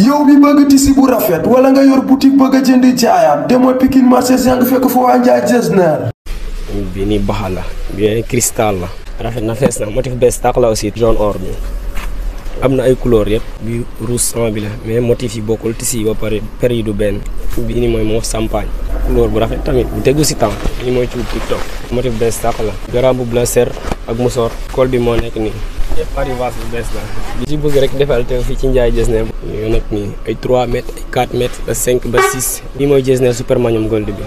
yow bi bëgg tisi bu rafet wala nga yor boutique bëgg a jënd jaayaat demal Pikine marché Zinc fekk fa waa Njaay Jesner. bi ni baxa la bien cristal la. rafet na fees na motif bees tàq la aussi jaune or bi. am na ay couleur yëpp bi rouge sang bi la mais motif yi bokkul tissu yi ba pare per yi benn bi ni mooy moo champagne couleur bu rafet tamit bu tegu si temps ni mooy ci tiktok motif bees sax la garam bu bleu ser ak musoor col moo nekk nii yëpp arrivage bees la li ci bëgg rek defal te fii ci njaay jesne yoo nag nii ay 3 mètres ay 4 mètres ba 5 ba 6 lii mooy jesne supermanium gold bi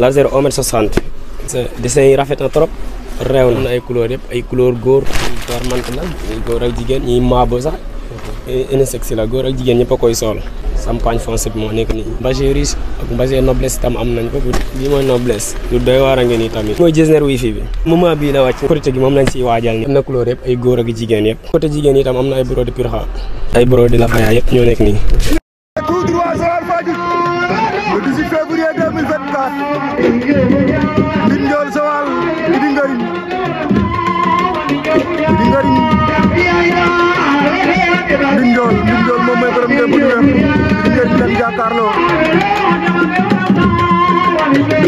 laser 1 mètre 60 sa dessin yi rafet na trop reew na ay couleur yëpp ay couleur góor góor mant la góor ak jigéen ñi maabo sax unisex la góor ak jigéen ñëpp a koy sool champagne foncé bi moo nekk nii mbagé riche ak mbagé noblesse tam am nañ ko lii mooy noblesse lu doy waar a ngi nii tamit mooy jesner wifi bi moment bii la wàcc côté gi moom lañ siy waajal ni na couleur yëpp ay góor ak jigéen yëpp côté jigéen yi tam ay brode pirxa ay brode la xaya yëpp ñoo nekk nii tout droit le 18 février 2024 Njool Lim Njool moom mooy borom ngeen bu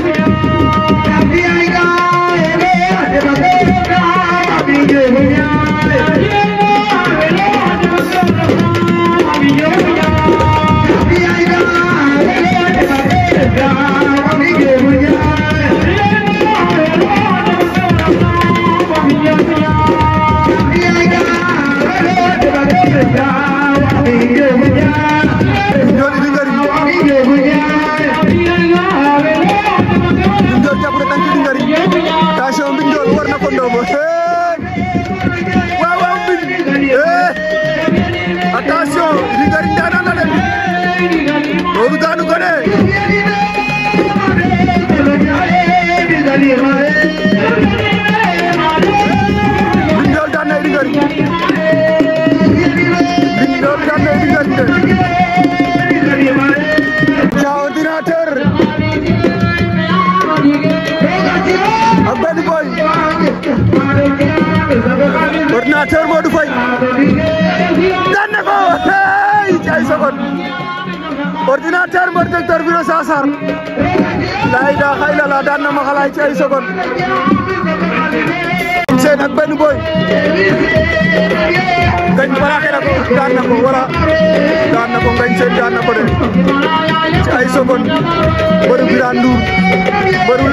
ñu secondes ordinateur mbër a Biro Sassar laa ilaaha illallaah daan na ma xalaay ci ay secondes seen ak benn boy ngañ balaake na ko daan na ko wala daan na ko ngañ seen daan na ko de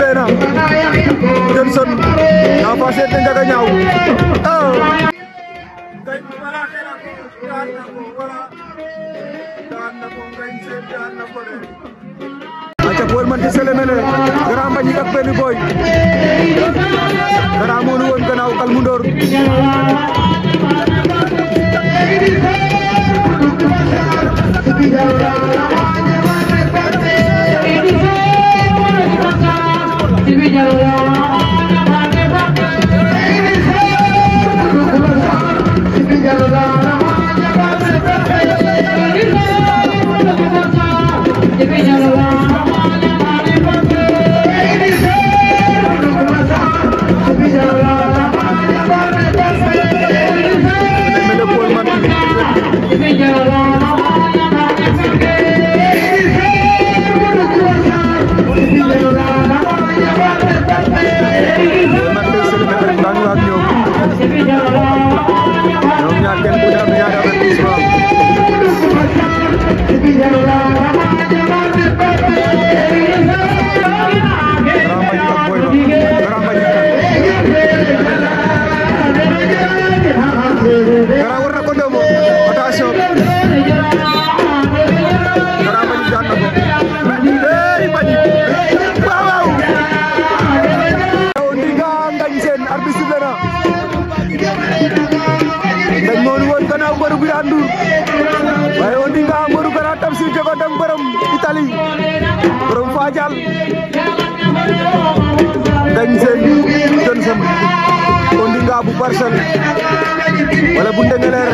Leena Johnson naa fa seet njaga ñaaw ci Sele Mele Grand Mbagnick ak Béni Boy Parcelles wala bu Ndingler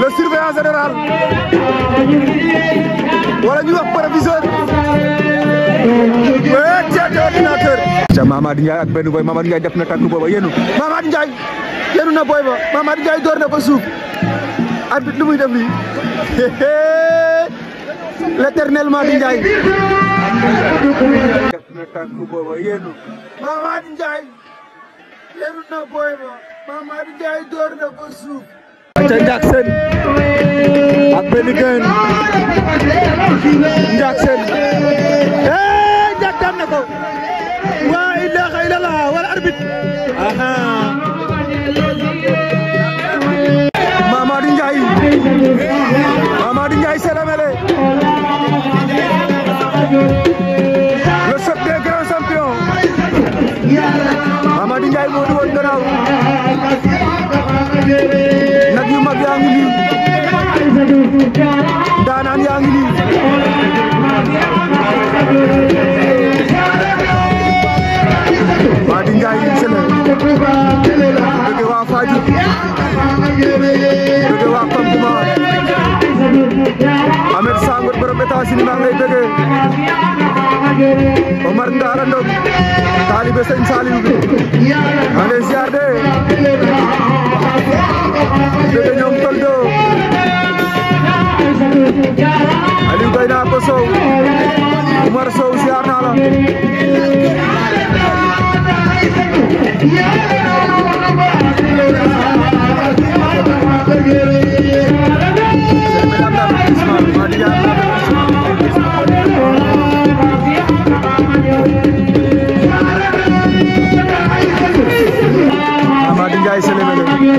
le surveillant général wala ñu wax proviseur mais eh, tiet ordinateur ca Mamady Ndiaye ak benn boy Mamady def na tànk booba Mamadou Ndiaye door na ko suuf. ca Ndiakhsène ak benn gën Ndiakhsène eh Ndiakh daan na ko. waa ilaha illallah wala arbitre. ndaanaan yaa ngi nii Mady Ndiaye Sélé bëgg waa Fadiouth bëgg waa Pamtuma Ahmed Sangoor borom États-Unis maa ngay bëgg Omar Ndara Ndong taalibe Sëñ Saliou bi maa ngay ziar de bëgg ñoom Toldo Aliou Gaye naa ko Sow Oumar Sow siyaar naa la Amady Ndiaye Sélébélé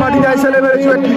Baba design से ले मेरे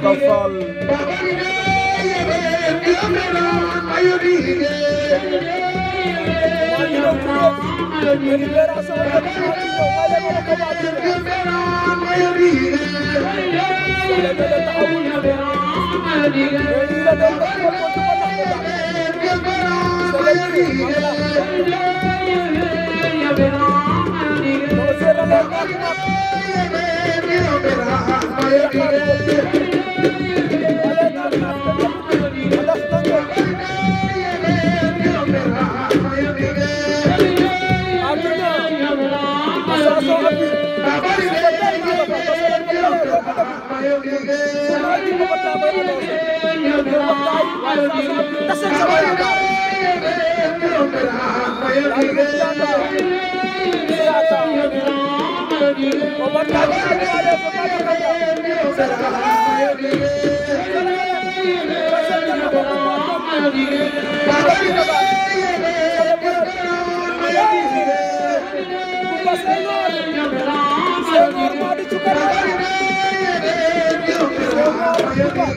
Senegal Thank you.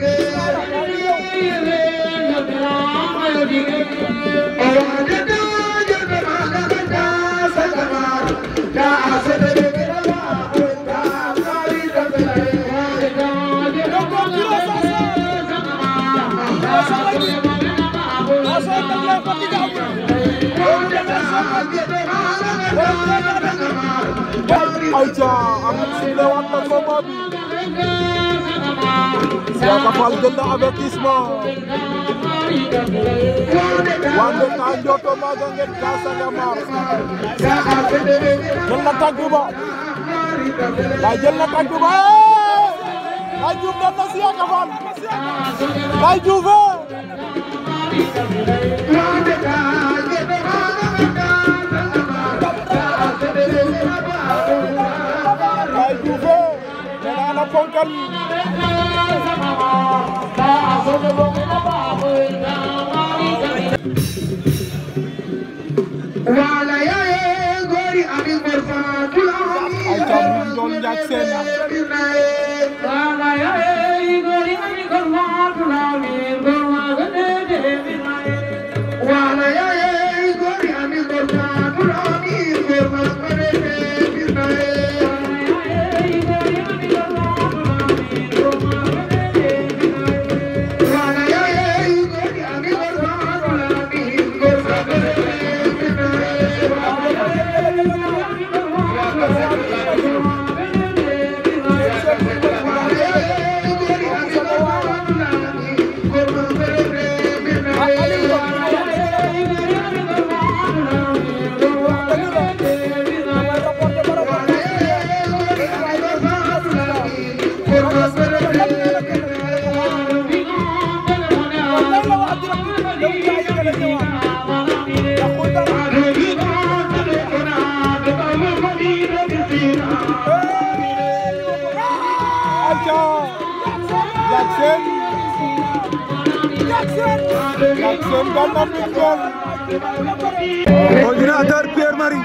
Yeah. Aja, amit sila wat na sobabi. Siya kapal ganda abet isma. wande ka njoto maga ngen ka saga mar jël na tàgg ba lay jël na tàgg ba lay juuf dem na siyaaka fan lay juufe eh. lay juufe eh. nena ana ponkal doon njaag seen na Ognadar Pierre Marie.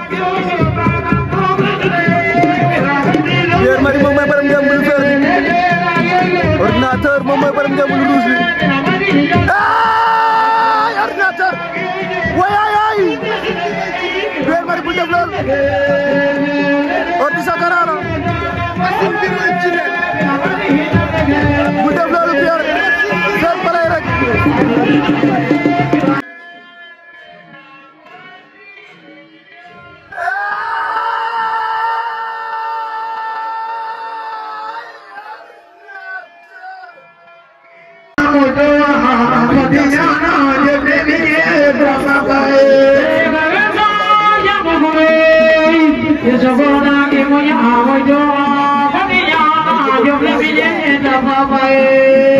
Pierre Marie moom mooy baram ngeen bul fer bi. ordinateur moom mooy baram ngeen bul rouge bi. ay ordinateur. waay ay Pierre Marie bul def lool. ordi sakara la. bul def loolu Pierre. seen pare rek.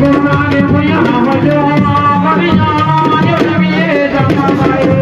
مانه پيا مھجو مريا ميو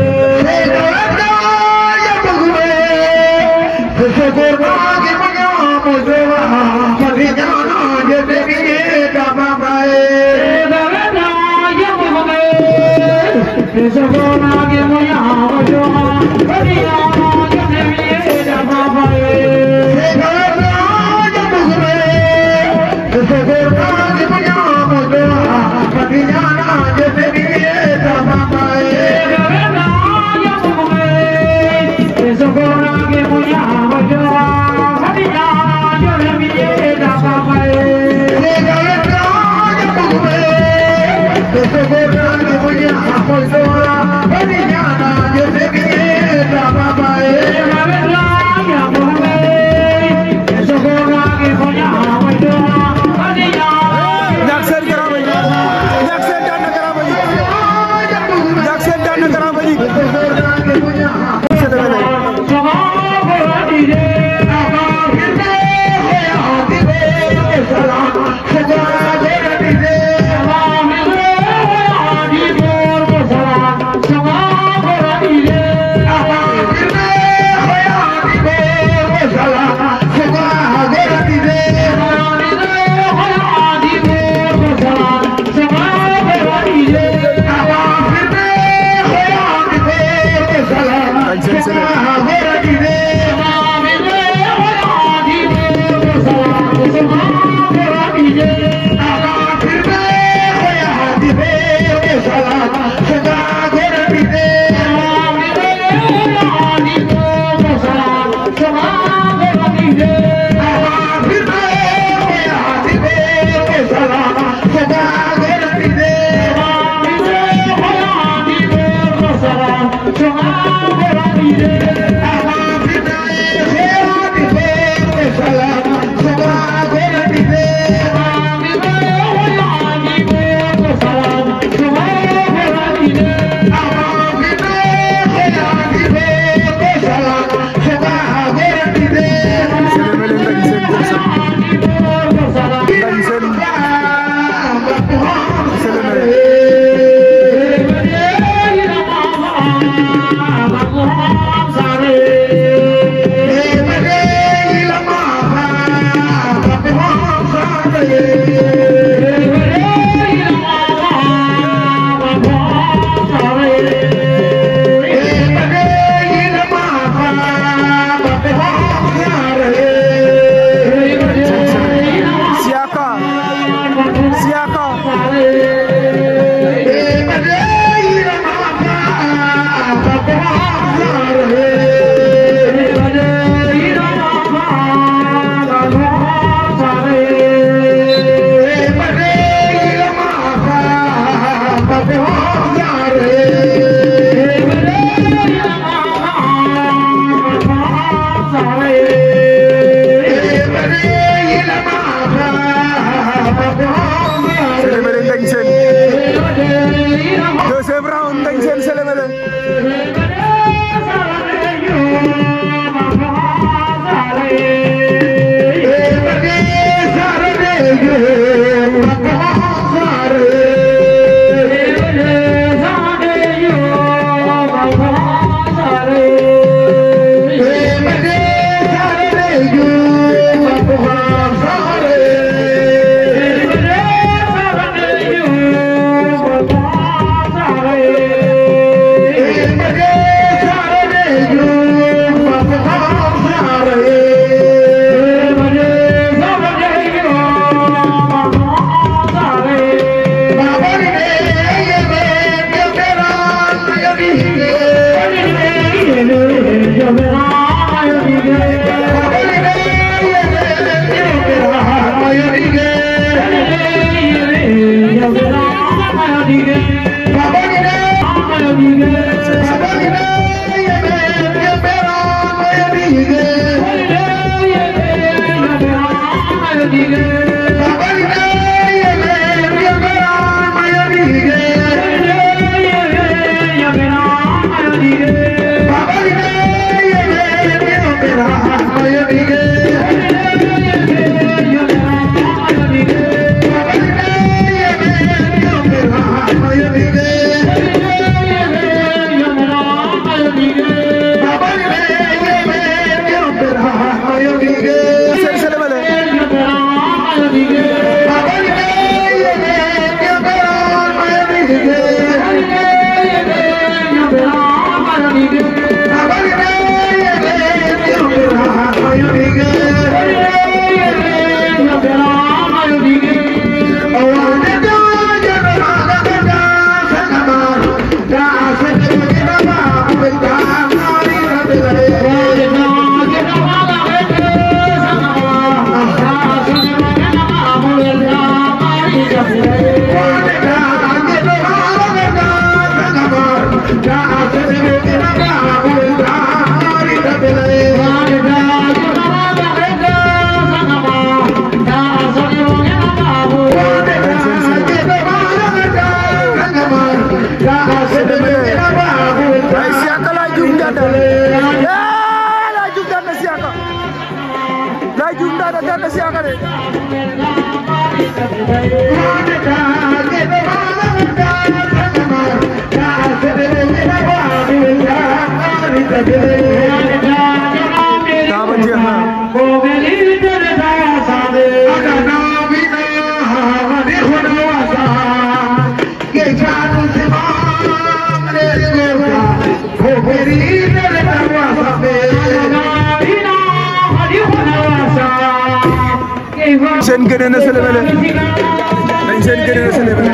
dañ seen gën a célébré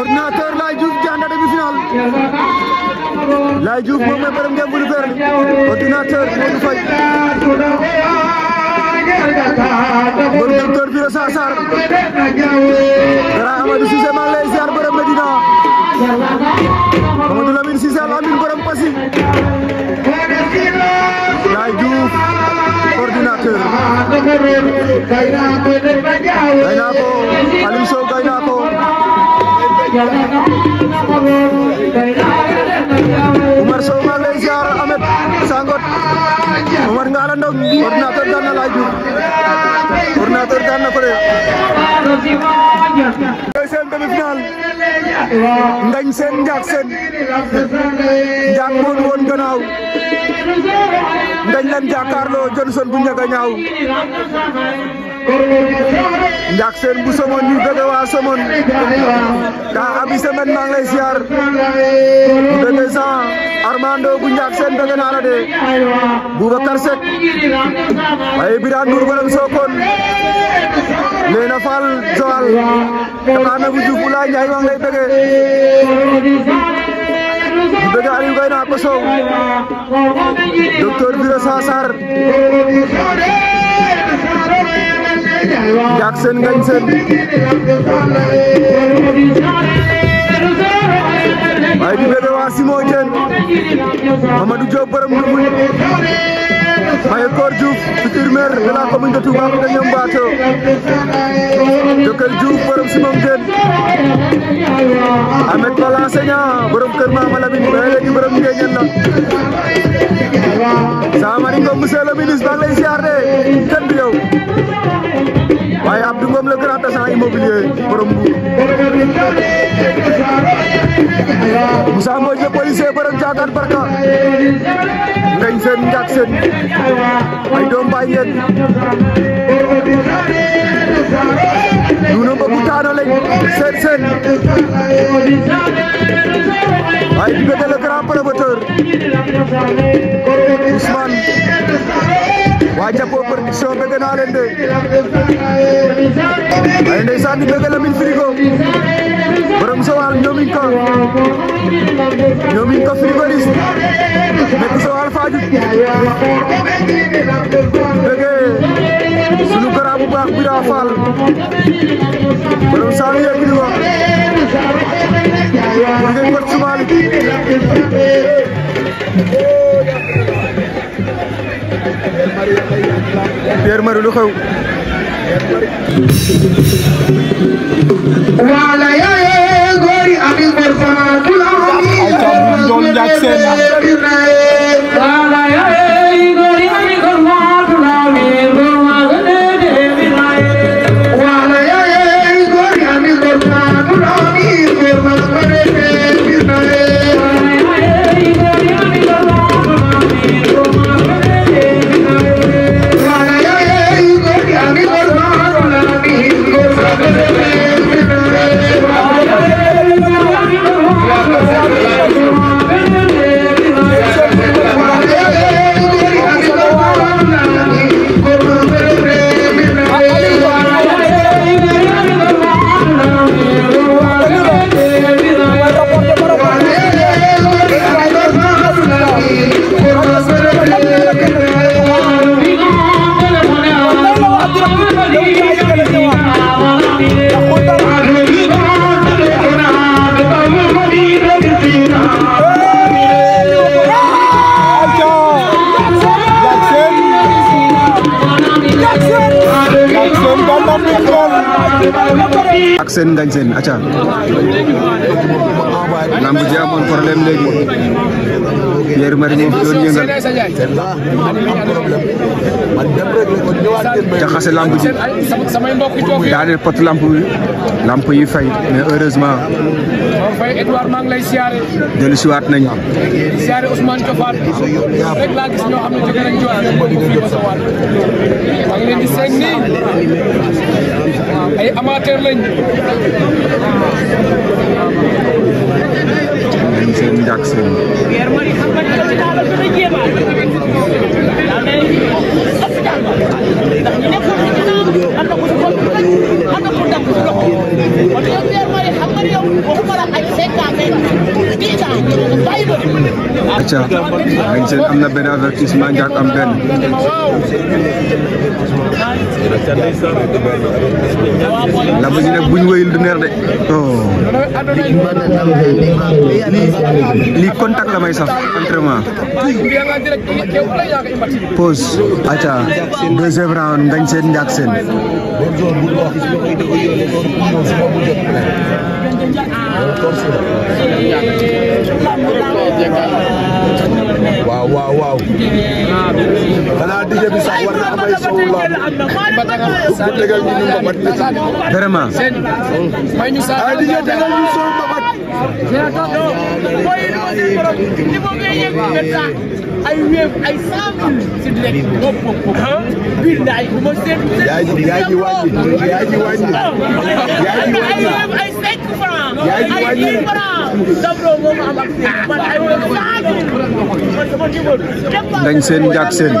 ordinateur Laye Diouf jànda demi-finale Laye Diouf moom mooy borom ngeen bulu vert ordinateur Modou Faye borom docteur Biro Sassar dara Amadou Cissé maa lay ziar Xurur kay naa ko def ba jaaw kay naa ko Aliou Sow kay naa ko Omar Sow maa ngi lay ziar Ahmed Sangot Omar nga ala ndog ordinateur daan na laa jur ordinateur daan na ko de Ngagne Sène Ndiack Sène Ndiack moo ñu woon gannaaw Ngagne lan jàkkaarloo Johnson bu ñaga ñaaw Ndiack Sène bu Somone ñu bëgg waa Somone daa abi semaine maa ngi lay siyaar bëgg sant Armando bu Ndiack Sène bëgg naa la de Boubacar Seck waaye Birane Ndour borom nee na Fall Joal dafa amee bu Diouf Boulaye Ndiaye maa ngi lay bëggee di bëgg Aliou Gueye naa ko Sow docteur Biro Sassar Jackson Ngagne Sène waaye di bébé ma Simo Dieng Mamadou Diop borom Ndoumbouy maye Koor Diouf futur maire de la commune de Touba ak ñoom Mbathio Jokal Diouf borom Simom Dieng Ahmed Bala Senya borom kër Mama Lamine ba léegi borom Ngéñen la Samari Ngom monsieur le ministre ba lay siyaar de kenn du yow waaye Abdou Ngom le grand agent immobilier borom Mbour Moussa Mbodj le policier borom Diakane Barka ngañ seen njàkk seen ay doom bàyyi ngeen nuuna mbagu taano lañ seen seen waaye diggante le grand promoteur waa Jappoo production bëgg naa leen de ay ndeysaan di bëgg Lamine Frigo borom Joal ñoomin ko ñoomin ko frigoriste nekk Joal Fadiouth bëgg sunu gara bu baax Bira Fall borom saalu yëkkil ko ngeen Pierre Marie lu xew. ak seen ngañ acca lamb ji amoon problème léegi Pierre Marie moo fi doon yëngal jaxase lamb ji pot lamp lamp yi fay mais heureusement dellu si waat nañ ay amateur lañ. seen njàkk seen. kon la ay cinq ans mais dix na benn avertissement njaag am bu ñu neer de. lii contact la may sax entraînement. pause. acca deuxième round ngañ seen njaag seen. Wow wow wow. bu jot pare loolu tool si la waaw waaw waaw xanaa dige bi sax war na am ay ay wéef ay cent mille si direct bopp bopp bopp billaay bu ma seet yaay ji yaay ji wàññi yaay ji wàññi yaay ji wàññi ay ay cinq francs ay dix francs Zambro moom am ak man ay wéef cent mille man sama niveau Ndañ seen Ndiak Sène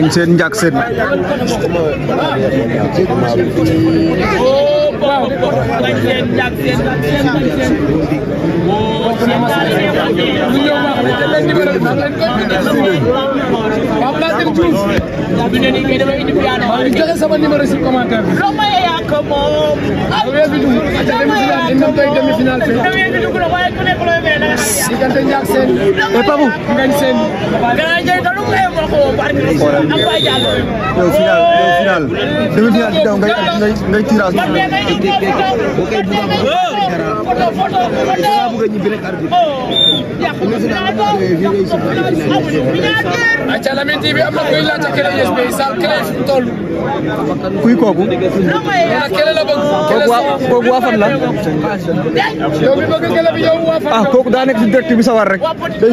am seen tam mënta waaw dañ leen jàpp seen seen seen woo seen daal ñu ñëw wax te leen numéro bi leen ko ñu Pape Latir Diouf bi ne nii kay damay indi bi yaa joxe sama numéro si commentaire bi Come on. Diggante Ndiak Sène. et Babou. Ngagne Sène. ak Baye Diallo. yow final yow final demi final bi daw ngay ngay ngay tirage. foto foto foto a ñibbi rek arbitre. acca Lamine TV am kuy laajte Kële USHB la bëgg. kooku waa kooku waa fan la. yow ah, daa nekk bi sawar rek day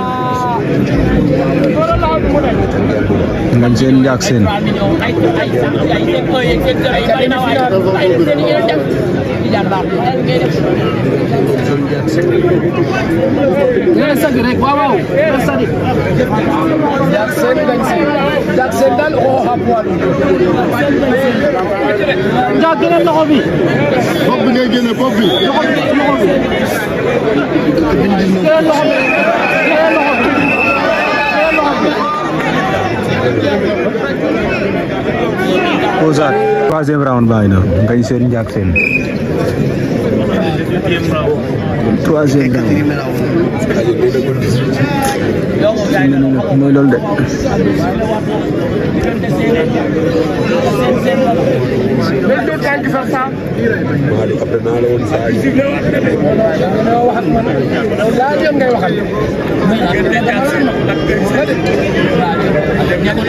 ngañ seen njaag seen nee sagi rek waaw waaw nee sagi njaag seen ngañ seen njaag seen daal xooxa poids njaag gënal loxo bi bopp bi ngay génne bopp bi loxo bi loxo bi gënal loxo bi Kozak troisième round baa ngi noonu Ngagne Sène Ndiack Sène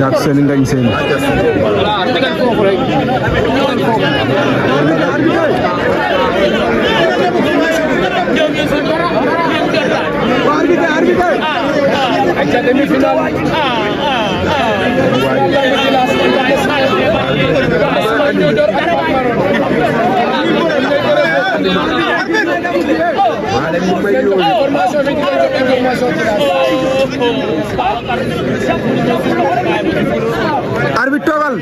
ñàkk seen ngañ seen waaye Malam Mayu. Arbit Togol.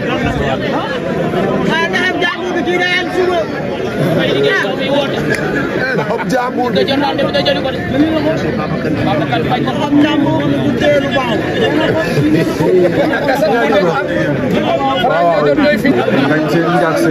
Hop jambu. Hop jambu. Kancing jaksa.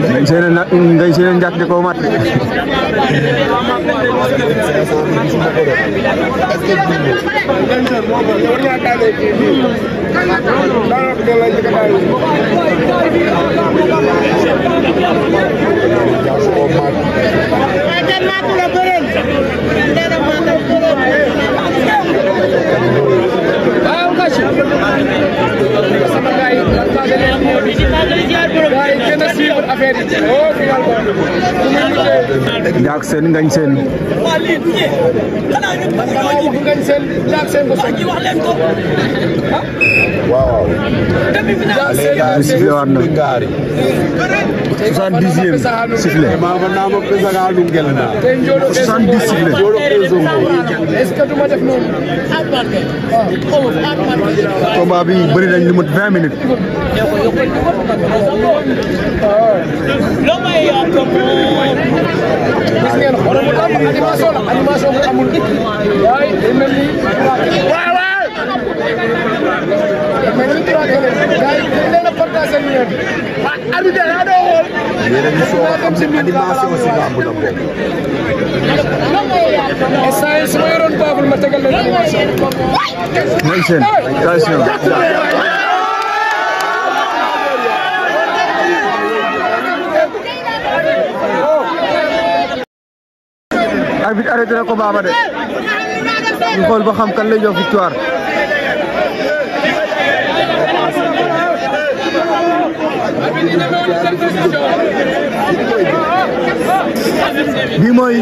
dañ seen na dañ seen njàkk di ko mat Jackson Gansen waaw lii du ñëwee xanaa ñun bëgg ñoo ñibbi ngeen seen jaar seen ko wax ji wax leen ko ah. waaw. demi final bi sifflé waat na. soixante-dixième sifflé. maama naa ma pesa nga nu ngel naa. soixante-dix sifflé. est-ce que du ma def noonu. combat bi bëri nañ lu mat vingt minutes. animation la animation bu amul waaye day mel ni waaw waaw mais li ñu waxee léegi gars yi dañ leen a partagé ak ñoom waa arbitre daa doo xool. yéen a ngi soog a xam si animation si làmb la bokk. instant yii su ma yoroon baabul ma tegal leen animation. arrêté na combat ba de ñu xool ba xam kan lay mooy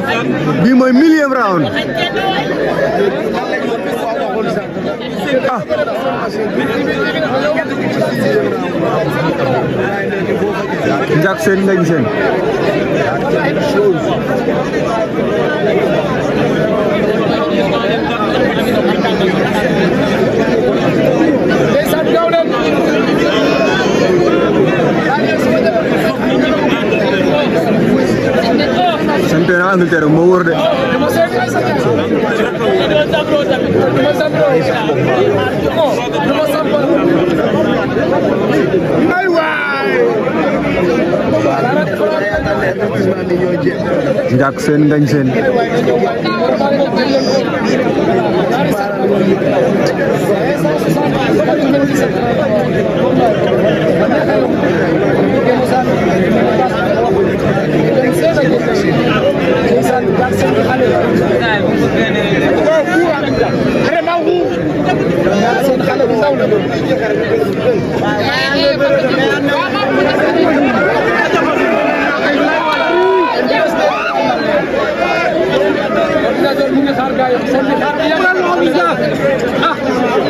bii mooy round. Jack senin de güzel. They sat down and Santana Angleterre moo wër de ay É Ja, dat is een hele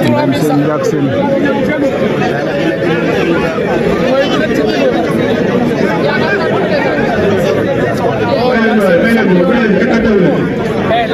Jackson. Jackson.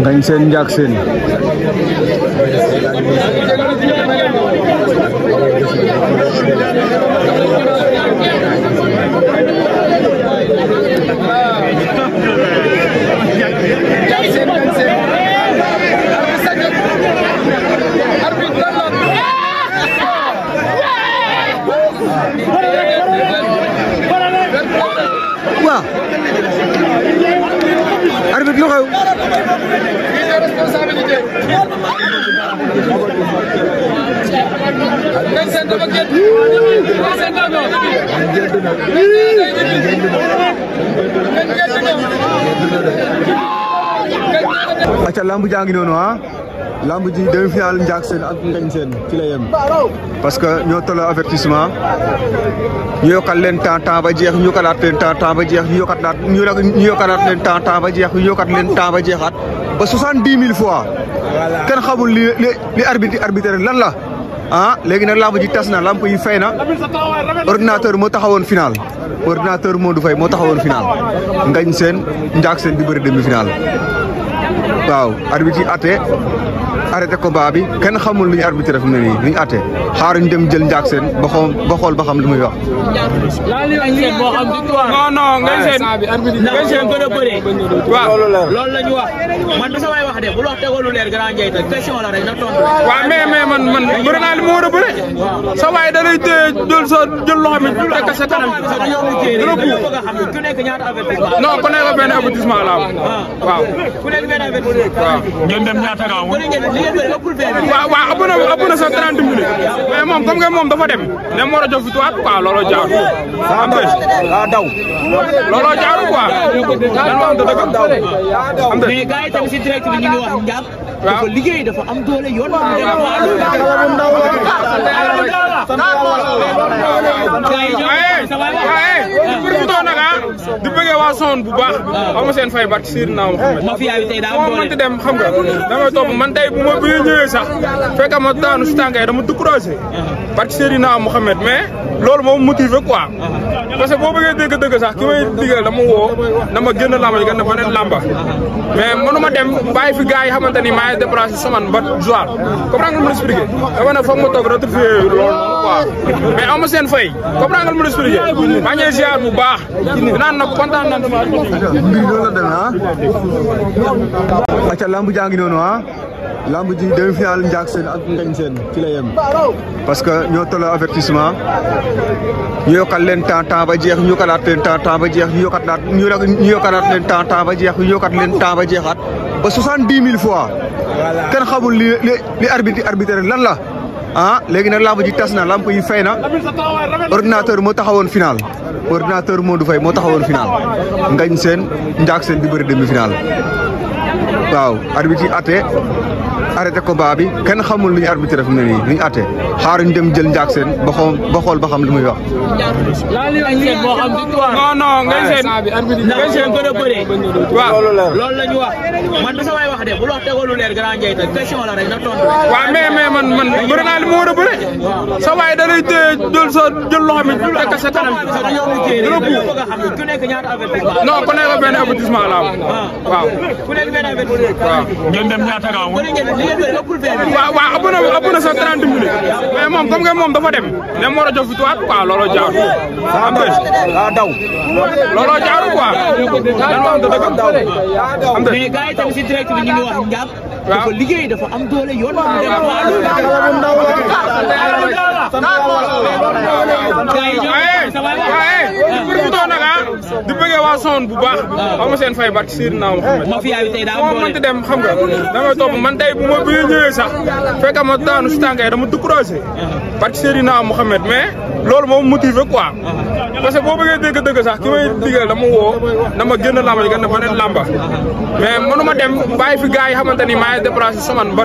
ngañ seen njaag seen lamb jaa ngi noonu ah lamb ji demi final njaak seen ak ngañ seen ci la yem parce que ñoo tolloo avertissement ñu yokkal leen temps temps ba jeex ñu yokkalaat leen temps ba jeex ñu yokkat laat leen temps temps ba jeex ñu yokkat leen temps ba jeexaat ba soixante-dix mille fois kenn xamul li arbitre lan la a ah, léegi nag lamb ji tas na lamp yi fay na ordinateur moo taxawoon final ordinateur Modou Faye moo taxawoon final ngañ seen njaak seen di bëri demi final waaw arbitre yi atte arrêté combat bi kenn xamul lu ñu arbitré fi mu ne nii lu ñu xaaruñ dem jël njaak seen ba xool xam lu muy wax. non non ngay seen seen gën a bëree waaw loolu la ñu wax man wax de bu la wax tegoo lu leer grand Ndiaye tam question la rek na man man naa li mu war a bëre. sa waay da lay téye jël sa jël loxo mi teg ko sa kanam. dina bu ku nekk ñaata avertissement. non ku nekk benn avertissement la am. Ah. waaw ku nekk benn avertissement. waaw ngeen dem ñaata gaaw. waaw waaw ëpp na ëpp na sa 30 minutes. mais moom comme que moom dafa dem. dem war a jox victoire quoi looloo jaar. am na daa daw. looloo jaar quoi. lan moo am dëgg am dëgg. ñu ngi wax njàpp. dafa liggéey dafa am doole yoon. waaw waaw waaw waaw waaw waaw di bëggee waa son bu baax ama seen fay barke siir naa ma mafia bi tey daa am doole mënti dem xam nga damay topp man tey bu ma bu ñëwee sax fekk ma daanu si tànk yi dama découragé uh-huh. barke siir naa Mouhamed mais loolu moom motivé quoi uh-huh. parce boo bëggee dëgg-dëgg sax ki may digal dama woo dama génn lamba yi gën na lamba uh-huh. mais mënuma dem bàyyi fi gars yi ni maa ngi déplacé saman ba joal comprendre nga ma expliqué dama ne foog ma toog retrouver loolu quoi mais am seen fay comprendre nga ma expliqué maa ziar bu baax naan na kontaan naan mbir la ah acca lamb jaa ngi noonu ah ji demi final njaak seen ak ngañ seen ci la yem parce que ñoo tolloo avertissement ñu yokkal leen temps temps ba jeex ñu yokkalaat leen temps temps ba jeex ñu ñu ñu temps temps ba jeex ñu temps ba ba fois xamul li li arbitre arbitre lan la ah léegi nag lamb ji tas na lamp yi fay na ordinateur moo taxawoon final ordinateur Modou fay moo taxawoon final ngañ seen njaak seen di bëri demi final waaw arbitre yi atte arrêté combat bi kenn xamul lu ñu fu mu nii lu ñu atte xaar jël njaak seen ba lu muy wax. non non ngay seen ngay seen gën a bëree. waaw loolu man du samay bu wax tegoo lu leer grand Ndiaye nag question la rek na tontu. waaw mais mais a bëre. sa waay da lay téye jël sa jël loxo mi dul ak waaw waaw ëpp na ëpp na sax 30 minutes mais moom comme que moom dafa dem dem war a jox victoire quoi looloo jaaru am nga daa daw looloo jaaru quoi dan wax da dëgg am nga mais gars yi tamit si direct bi ñu ngi wax njàpp dafa liggéey dafa am doole yoon bu di bëggee waa son bu baax xam nga seen fay barke Muhammad mafia bi tey daa moo mënti dem xam nga damay topp man tey bu ma bi ñëwee Muhammad mais loolu moom motivé quoi parce que boo bëggee dëgg-dëgg sax ki may digal dama woo dama génn lamba ji gën a beneen lamba mais mënuma dem bàyyi fi gars yi xamante ni maa ngi déplacé saman ba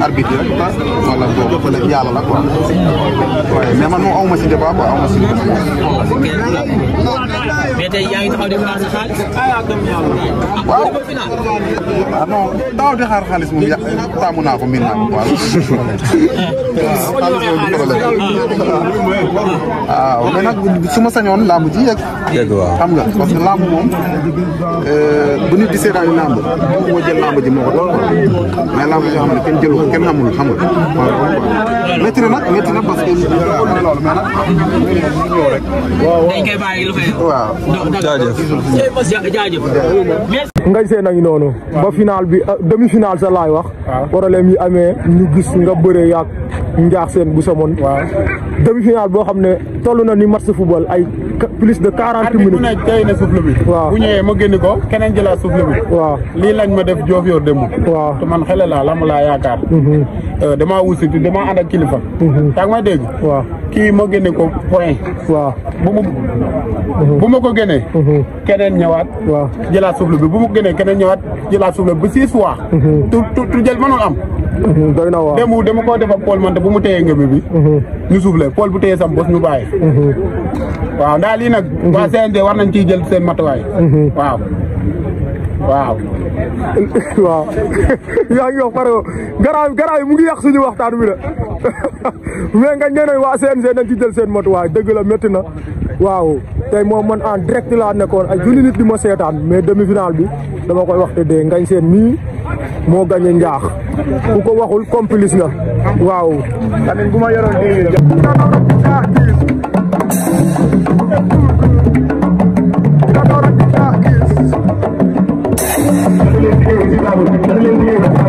arbitre rek ah wala boobu fële yàlla la quoi waaye mais man moom aw ma si débat quoi aw ma si mais tey yaa ngi taxaw di xaar sa xaalis. waaw ah non taxaw di xaar xaalis moom yàq taamu naa ko miin naa ko quoi. waaw xaalis boobu problème waaw ah, mais nag su ma sañoon làmb ji yegg. yegg waaw xam nga parce que làmb moom euh, bu nit di seetaan làmb moo jël làmb ji moo ko doon mais làmb yoo xam ne kenn jëlu ko kenn xamul xamul waaw métti na na parce ngay seen ak noonu ba final bi euh, demi final sa laay wax problème yi amee ñu gis nga bëree yaag njaax seen bu samoon demi final boo xam ne toll na ni match football ay plus de quarante minutes arbitre ne tey na bi waaw bu ñëwee ma génn ko keneen jëlaat souffle bi waaw lii lañ ma def joof yor démb waaw te man xele laa la mu laa yaakaar hmm. Euh, damaa wusi damaa de ak kilifa. Mhm. yaa ngi may dégg. waaw kii ma génne ko point. bu mu mhm. bu ma ko génnee. Mhm. keneen ñëwaat. waaw jëlaat suuf bi bu ma ko keneen ñëwaat jëlaat suuf bi six fois. tu tu tu jël mënul am. doy na waaw démb dama koo def ak Paul man te bu mu téyee ngëbi bi. ñu suuf la Paul bu téyee sam bos ñu bàyyi. waaw daal lii nag. waa CNG war nañ ciy jël seen matuwaay. waaw. waaw waaw yaa ngi wax pare garaaw garaaw mu ngi yàq suñu waxtaan wi la mais nga ñeneen waa CNG nañ ci jël seen matuwaay dëgg la metti na waaw tey moo man en direct laa nekkoon ay junni nit di ma seetaan mais demi-finale bi dama koy wax te dee ngañ seen nii moo gañe njaax ku ko waxul complice na waaw tamit bu ma yoroon Thank you.